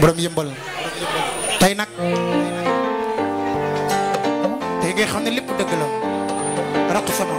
borom yëmbal tey nag tey ngay xam ne lépp dëgg la raq sama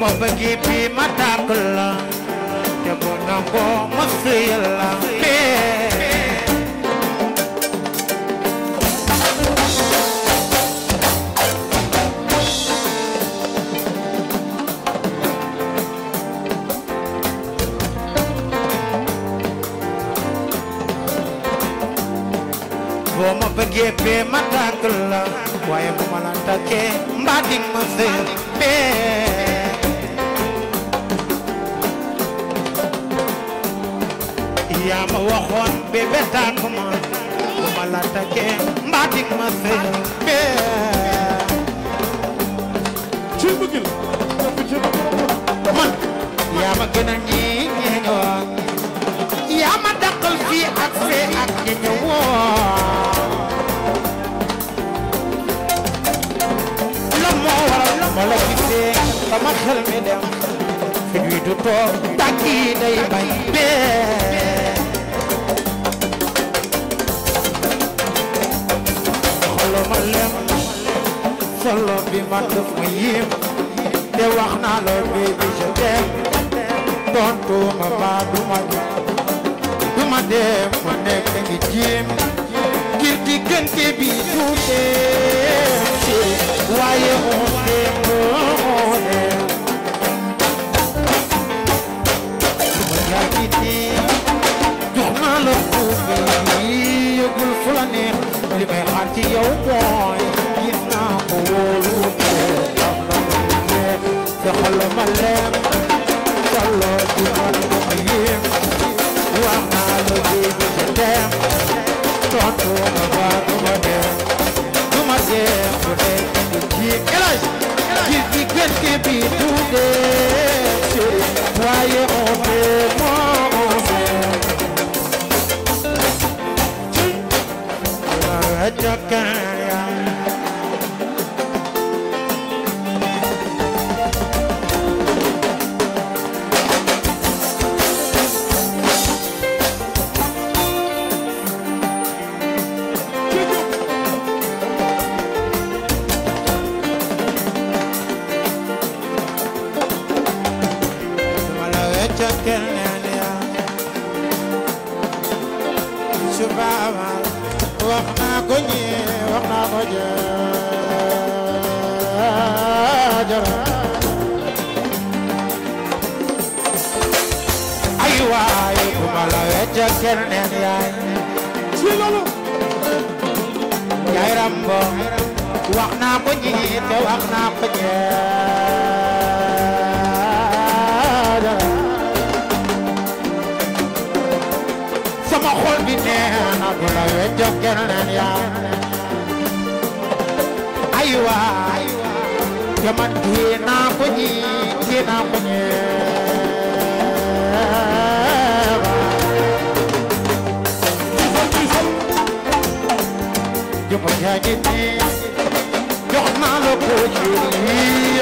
ma bëggee bii ma tàgg la te bu nangoo ma sëy la boo ma bëggee bii ma tàgg la waaye bu ma yaa ma waxoon bébé tàgguma bu ma la takkee mbaa ma sëy bee ci bëgg man yaa ma gën a ñii ñeeñoo yaa ma dàqal fii ak fee ak ñeeñoo ma la gisee sama xel mi dem fi du toog tàkki day bañ bee ma lem solo bi man daf ma te wax naa la baby tontu ma ba du ma dem ma nekk ngi jéem ngir bi tuute waaye on dem on dem ma yaa ngi nii la tuuti yëgul fu la neex li may xaar ci yow mooy rambo wax naa xol bi neex na bu la wejjo keneen yaa aywa jaman kii naa ko ñi kii naa ko ñee يا جدي يحمى لك وجهي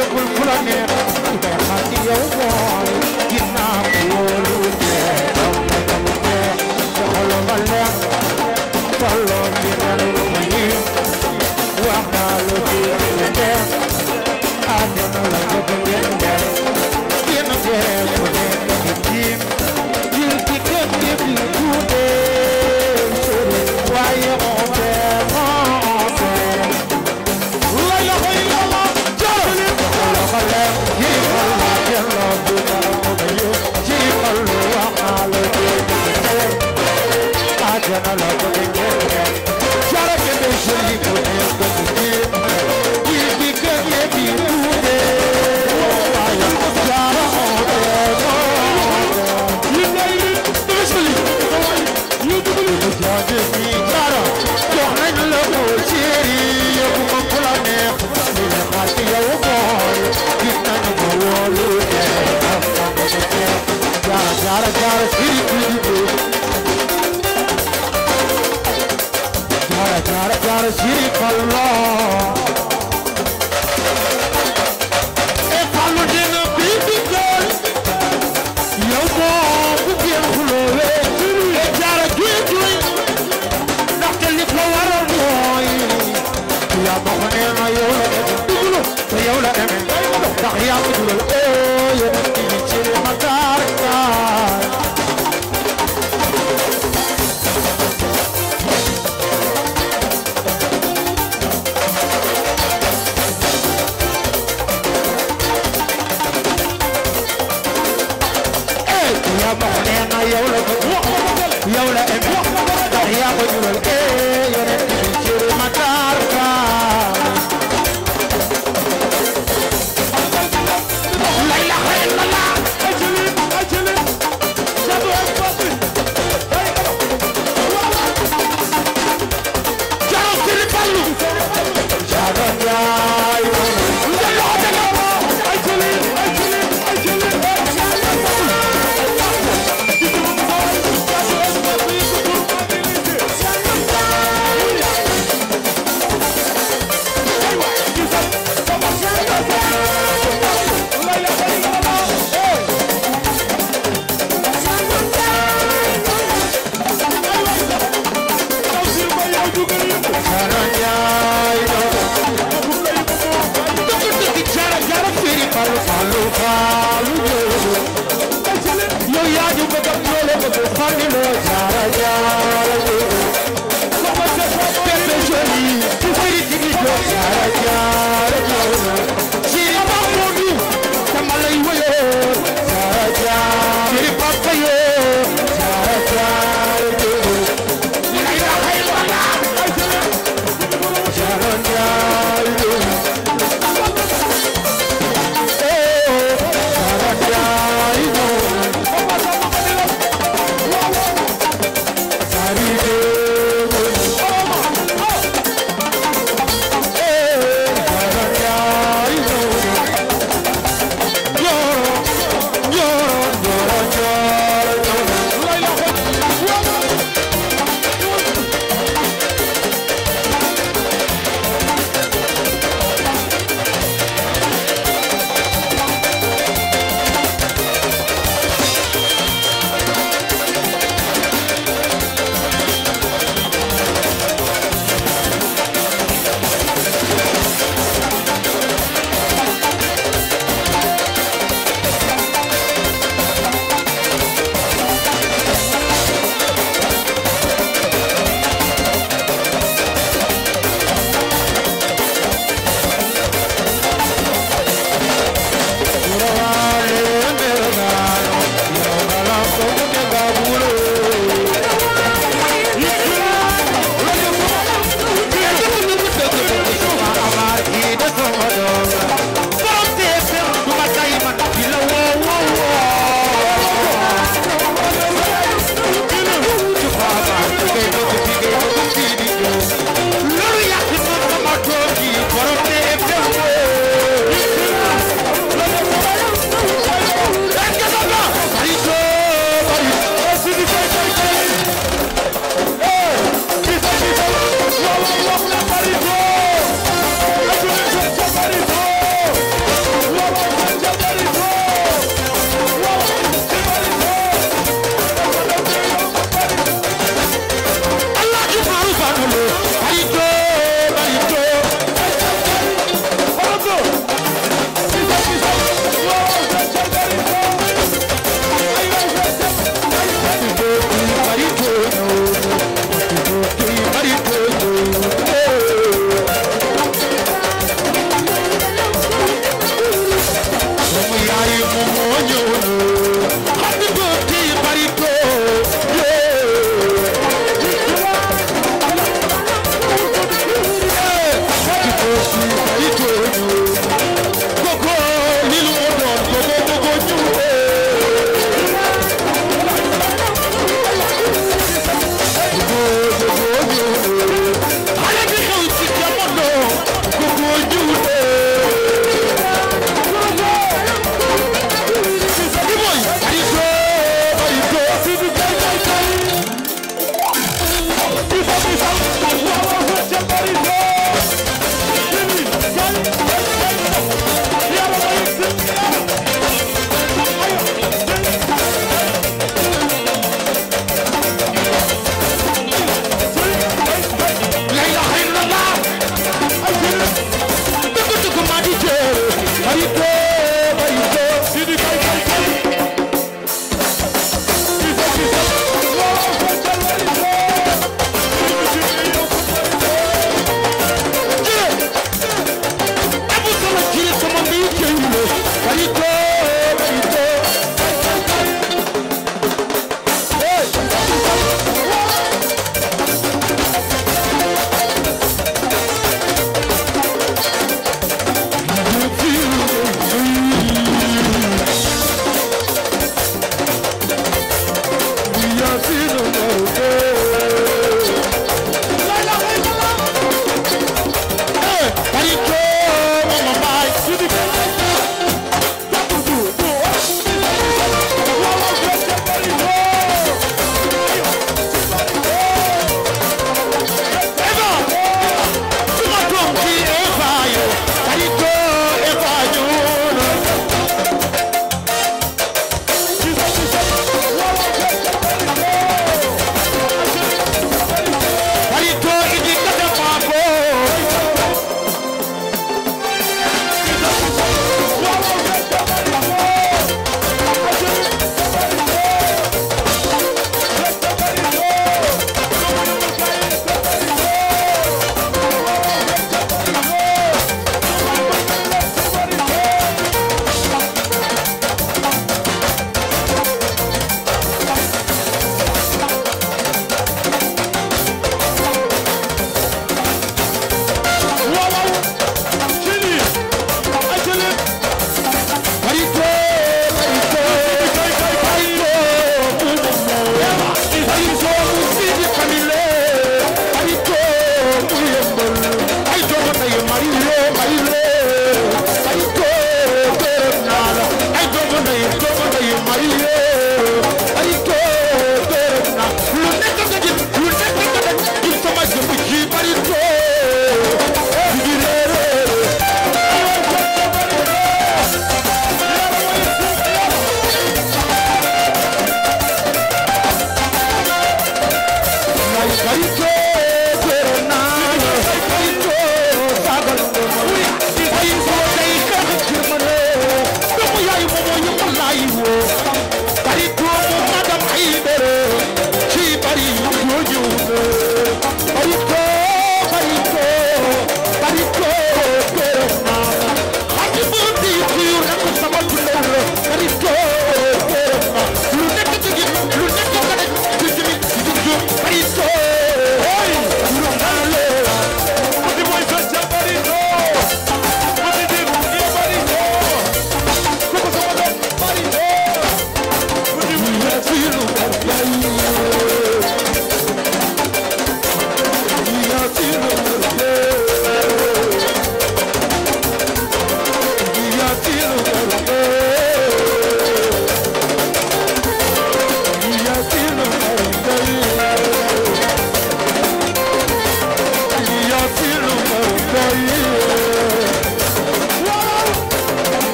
yaa ma ko nee na yow la bëgg yow la ëpp ndax yaa ko jural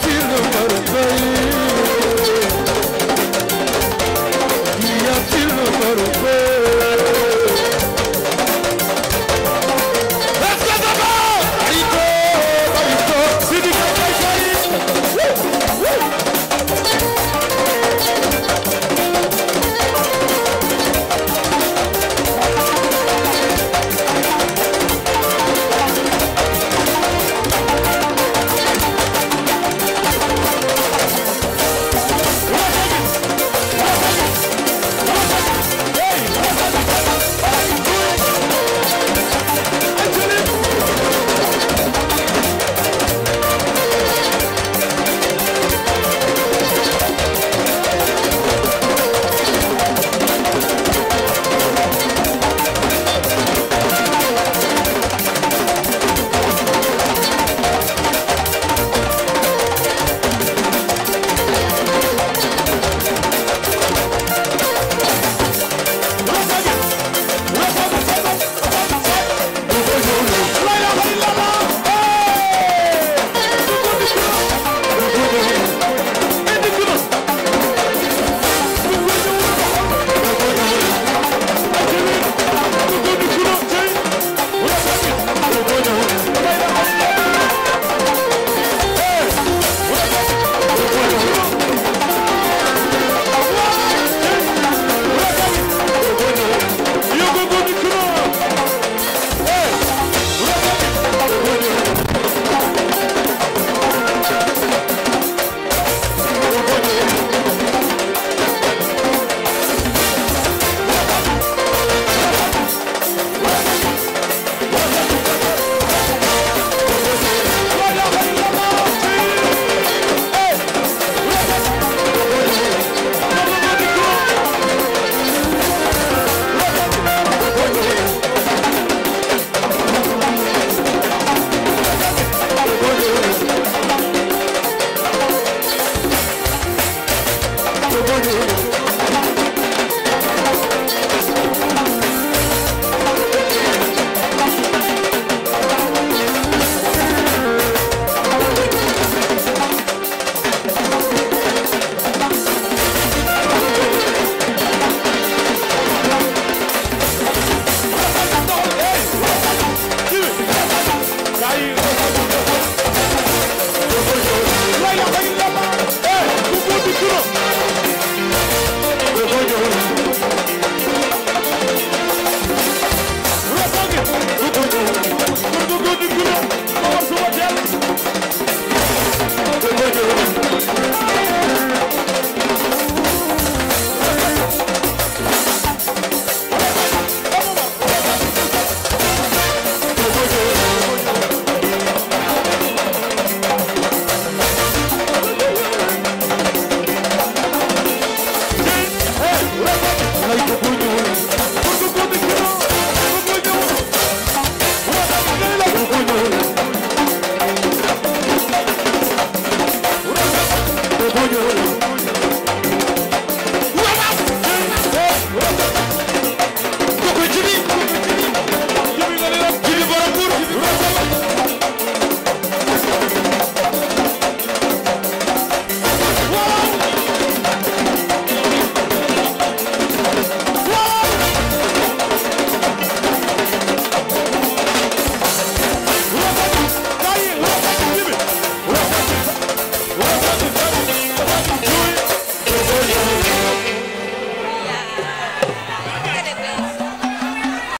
feel the world.